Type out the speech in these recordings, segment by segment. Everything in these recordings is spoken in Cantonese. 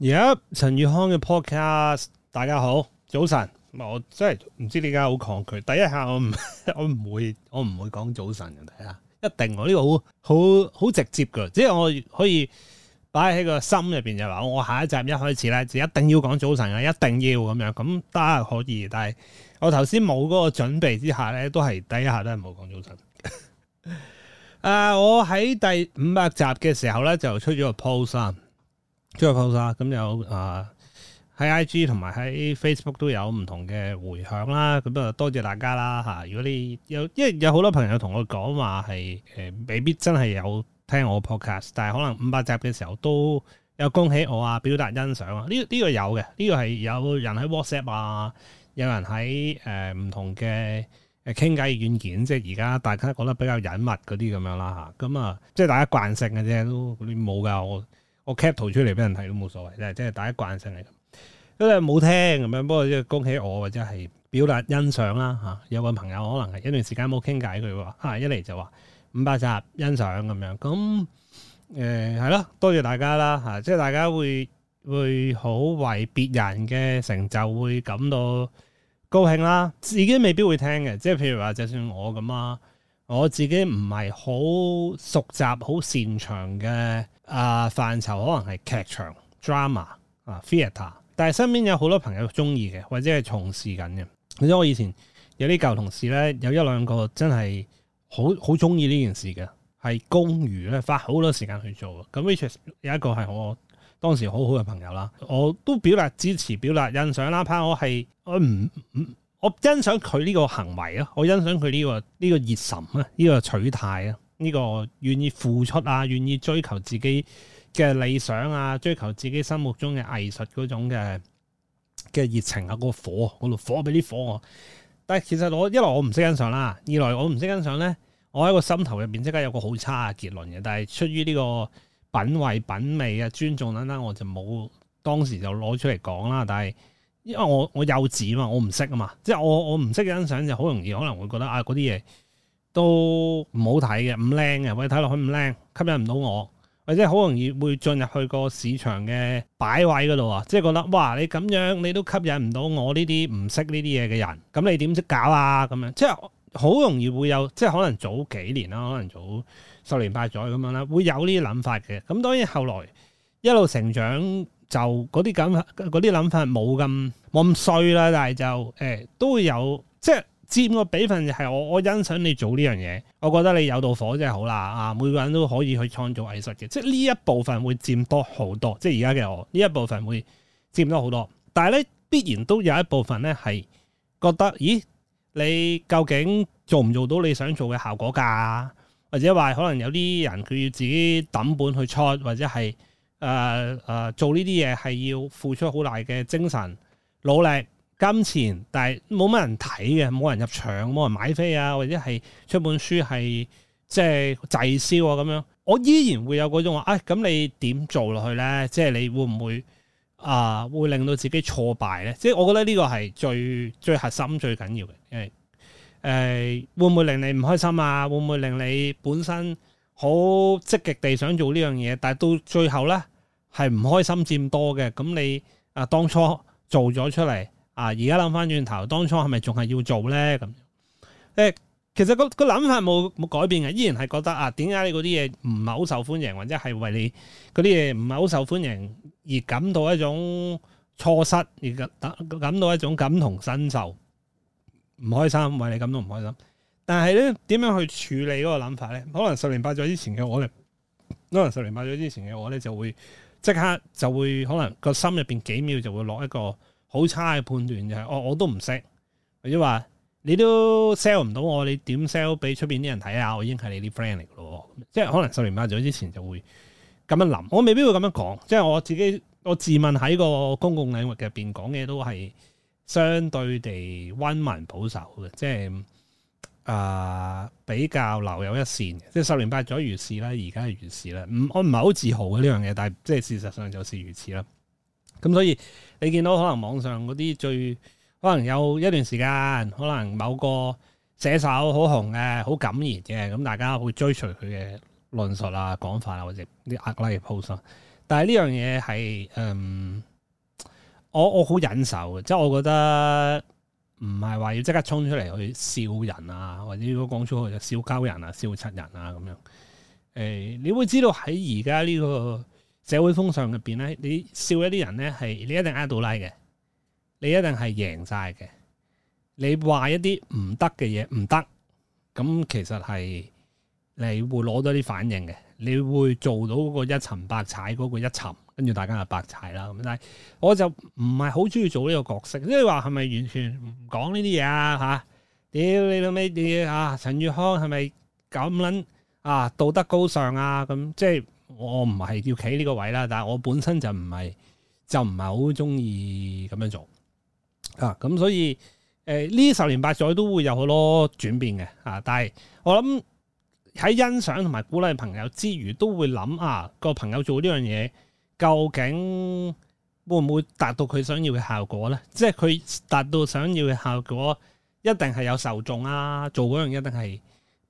而家陳宇康嘅 podcast，大家好，早晨。我真係唔知點解好抗拒，第一下我唔我唔會我唔會講早晨嘅，大家一,一定我呢個好好好直接嘅，即係我可以擺喺個心入邊就話我下一集一開始咧就一定要講早晨啊，一定要咁樣咁，大家可以。但係我頭先冇嗰個準備之下咧，都係第一下都係冇講早晨。啊、 呃，我喺第五百集嘅時候咧就出咗個 post。Twitter 啦，咁有啊喺 IG 同埋喺 Facebook 都有唔同嘅回響啦。咁啊，多謝大家啦吓、啊！如果你有，因為有好多朋友同我講話係誒、呃，未必真係有聽我 podcast，但係可能五百集嘅時候都有恭喜我啊，表達欣賞啊。呢、這、呢、個這個有嘅，呢、這個係有人喺 WhatsApp 啊，啊，有人喺誒唔同嘅誒傾偈軟件，即係而家大家覺得比較隱密嗰啲咁樣啦吓。咁啊，啊，即係大家慣性嘅啫，都冇噶我。我 cap 圖出嚟俾人睇都冇所謂，即係即係大家慣性嚟。咁佢哋冇聽咁樣，不過即係恭喜我或者係表達欣賞啦。吓，有位朋友可能係一段時間冇傾偈，佢話一嚟就話五百集欣賞咁樣。咁誒係咯，多謝大家啦吓，即係大家會會好為別人嘅成就會感到高興啦，自己未必會聽嘅。即係譬如話，就算我咁啊。我自己唔係好熟習、好擅長嘅啊範疇，可能係劇場、drama 啊、theater。但係身邊有好多朋友中意嘅，或者係從事緊嘅。而且我以前有啲舊同事咧，有一兩個真係好好中意呢件事嘅，係工餘咧花好多時間去做。咁 which 有一個係我當時好好嘅朋友啦，我都表達支持、表達欣賞啦。怕我係我唔唔。嗯嗯我欣賞佢呢個行為啊，我欣賞佢呢個呢個熱忱啊，呢個取態啊，呢個願意付出啊，願意追求自己嘅理想啊，追求自己心目中嘅藝術嗰種嘅嘅熱情啊，嗰個火嗰度火俾啲火我。但係其實我一來我唔識欣賞啦，二來我唔識欣賞咧，我喺個心頭入邊即刻有個好差嘅結論嘅。但係出於呢個品味、品味啊、尊重等等，我就冇當時就攞出嚟講啦。但係。因為我我幼稚嘛，我唔識啊嘛，即係我我唔識欣賞就好容易可能會覺得啊嗰啲嘢都唔好睇嘅，唔靚嘅，或者睇落去唔靚，吸引唔到我，或者好容易會進入去個市場嘅擺位嗰度啊，即係覺得嘩你咁樣你都吸引唔到我呢啲唔識呢啲嘢嘅人，咁你點識搞啊咁樣？即係好容易會有即係可能早幾年啦，可能早十年八載咁樣啦，會有呢啲諗法嘅。咁當然後來一路成長。就嗰啲咁，嗰啲諗法冇咁冇咁衰啦，但係就誒、欸、都會有，即係佔個比分係我我欣賞你做呢樣嘢，我覺得你有道火真係好啦啊！每個人都可以去創造藝術嘅，即係呢一部分會佔多好多，即係而家嘅我呢一部分會佔多好多。但係咧必然都有一部分咧係覺得，咦？你究竟做唔做到你想做嘅效果㗎？或者話可能有啲人佢要自己抌本去 try 或者係。誒誒、呃呃，做呢啲嘢係要付出好大嘅精神、努力、金錢，但係冇乜人睇嘅，冇人入場，冇人買飛啊，或者係出本書係即係滯銷啊咁樣，我依然會有嗰種話，誒、啊、咁你點做落去咧？即、就、係、是、你會唔會啊、呃、會令到自己挫敗咧？即、就、係、是、我覺得呢個係最最核心、最緊要嘅，因為誒、呃、會唔會令你唔開心啊？會唔會令你本身？好積極地想做呢樣嘢，但係到最後咧係唔開心佔多嘅。咁你啊，當初做咗出嚟啊，而家諗返轉頭，當初係咪仲係要做咧？咁誒，其實個個諗法冇冇改變嘅，依然係覺得啊，點解你嗰啲嘢唔係好受歡迎，或者係為你嗰啲嘢唔係好受歡迎而感到一種錯失，而感感到一種感同身受，唔開心，為你感到唔開心。但係咧，點樣去處理嗰個諗法咧？可能十年八載之前嘅我呢，可能十年八載之前嘅我咧，就會即刻就會可能個心入面幾秒就會落一個好差嘅判斷，就係，就係哦，我都唔識，或者話你都 sell 唔到我，你點 sell 俾出面啲人睇呀？我已經係你啲 friend 嚟嘅咯，即係可能十年八載之前就會咁樣諗。我未必會咁樣講，即係我自己，我自問喺個公共領域入面講嘢都係相對地溫文保守嘅，即係。啊、呃，比較留有一線，即係十年八載如是啦，而家係如是啦。唔，我唔係好自豪嘅呢樣嘢，但係即係事實上就是如此啦。咁所以你見到可能網上嗰啲最可能有一段時間，可能某個寫手好紅嘅，好敢言嘅，咁大家會追隨佢嘅論述啊、講法啊，或者啲額外嘅 post。但係呢樣嘢係嗯，我我好忍受嘅，即係我覺得。唔係話要即刻衝出嚟去笑人啊，或者如果講粗口就笑鳩人啊、笑柒人啊咁樣。誒、呃，你會知道喺而家呢個社會風尚入邊咧，你笑一啲人咧係你一定挨到拉嘅，你一定係贏晒嘅。你話一啲唔得嘅嘢唔得，咁其實係你會攞多啲反應嘅，你會做到嗰個一沉百踩嗰個一沉。跟住大家就白柴啦咁，但係我就唔係好中意做呢個角色，即係話係咪完全唔講呢啲嘢啊吓？屌你老味你啊！陳、啊、玉康係咪咁撚啊？道德高尚啊？咁即係我唔係要企呢個位啦，但係我本身就唔係就唔係好中意咁樣做啊！咁所以誒呢、呃、十年八載都會有好多轉變嘅啊！但係我諗喺欣賞同埋鼓勵朋友之餘，都會諗啊個朋友做呢樣嘢。究竟會唔會達到佢想要嘅效果咧？即係佢達到想要嘅效果，一定係有受眾啊！做嗰樣一定係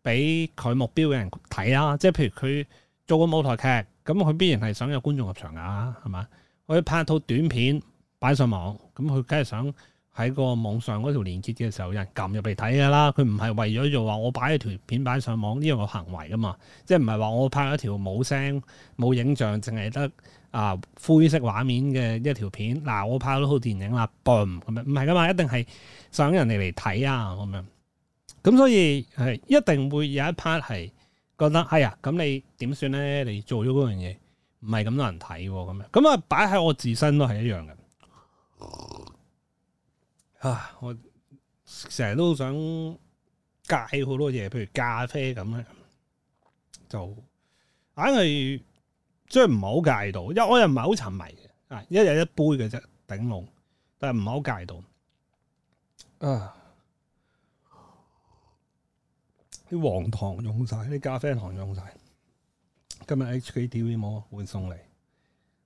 俾佢目標嘅人睇啊！即係譬如佢做個舞台劇，咁佢必然係想有觀眾入場啊，係嘛？佢拍一套短片擺上網，咁佢梗係想喺個網上嗰條連結嘅時候有人撳入嚟睇㗎啦。佢唔係為咗就話我擺一條片擺上網呢樣嘅行為㗎嘛！即係唔係話我拍一條冇聲冇影像，淨係得。啊！灰色畫面嘅一條片，嗱、啊，我拍咗套電影啦，boom 咁樣，唔係噶嘛，一定係想人哋嚟睇啊，咁樣，咁所以係一定會有一 part 係覺得哎呀，咁你點算咧？你做咗嗰樣嘢唔係咁多人睇，咁樣咁啊，擺喺我自身都係一樣嘅。啊，我成日都想戒好多嘢，譬如咖啡咁咧，就硬係。即係唔好戒到，因為我又唔係好沉迷嘅，啊，一日一杯嘅啫，頂籠，但係唔好戒到。啊，啲黃糖用晒，啲咖啡糖用晒。今日 HKTV mall 會送嚟，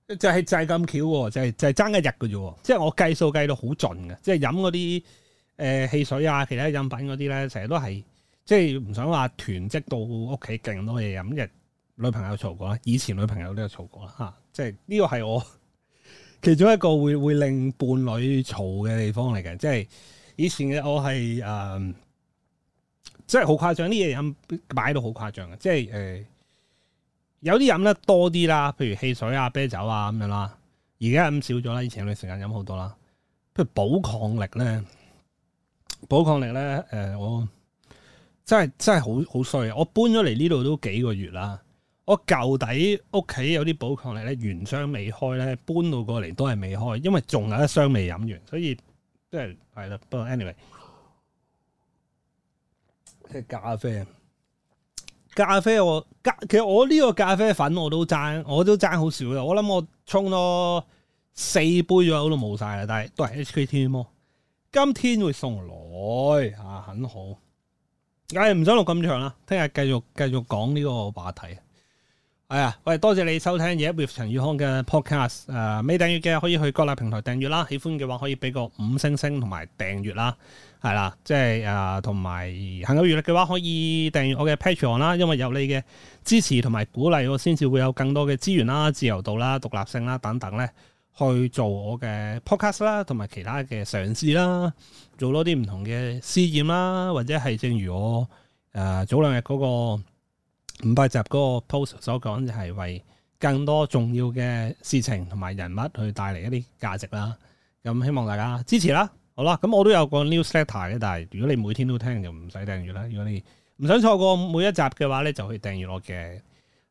就係就係咁巧，就係就係爭一日嘅啫。即係我計數計到好盡嘅，即係飲嗰啲誒，汽水啊，其他飲品嗰啲咧，成日都係即係唔想話囤積到屋企勁多嘢飲嘅。女朋友嘈過啦，以前女朋友都有嘈過啦，吓、啊，即係呢、這個係我其中一個會會令伴侶嘈嘅地方嚟嘅。即係以前嘅我係誒、呃，即係好誇張，啲嘢飲擺到好誇張嘅，即係誒、呃，有啲飲得多啲啦，譬如汽水啊、啤酒啊咁樣啦，而家飲少咗啦，以前嘅時間飲好多啦，譬如寶礦力咧，寶礦力咧，誒、呃，我真係真係好好衰，我搬咗嚟呢度都幾個月啦。我舊底屋企有啲補抗力咧，原箱未開咧，搬到過嚟都係未開，因為仲有一箱未飲完，所以即係係啦。不過 anyway，即咖啡，咖啡我咖其實我呢個咖啡粉我都爭，我都爭好少嘅。我諗我沖多四杯咗，好都冇晒啦。但係都係 HKT 喎。今天會送嚟啊，很好。唉、哎，唔想錄咁長啦，聽日繼續繼續講呢個話題。係啊，喂、哎，多謝你收聽《夜一 with 陳宇康嘅 podcast》Pod，誒、呃，未訂閱嘅可以去各大平台訂閱啦，喜歡嘅話可以俾個五星星同埋訂閱啦，係啦，即係誒，同埋行有餘力嘅話可以訂閱我嘅 Patreon 啦，因為有你嘅支持同埋鼓勵，我先至會有更多嘅資源啦、自由度啦、獨立性啦等等咧，去做我嘅 podcast 啦，同埋其他嘅嘗試啦，做多啲唔同嘅試驗啦，或者係正如我誒、呃、早兩日嗰個。五百集嗰個 post 所講就係為更多重要嘅事情同埋人物去帶嚟一啲價值啦，咁希望大家支持啦，好啦，咁我都有個 newsletter 嘅，但係如果你每天都聽就唔使訂閱啦，如果你唔想錯過每一集嘅話咧，就去訂閱我嘅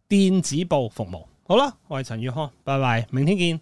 電子報服務，好啦，我係陳宇康，拜拜，明天見。